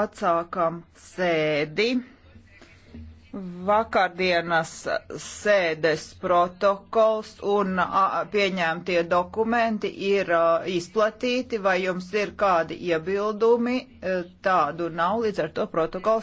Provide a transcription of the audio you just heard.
Atsākam sēdi. Vakardienas sēdes protokols un pieņemtie dokumenti ir izplatīti, vai jums ir kādi iebildumi, e, tādu nav, līdz ar to protokols.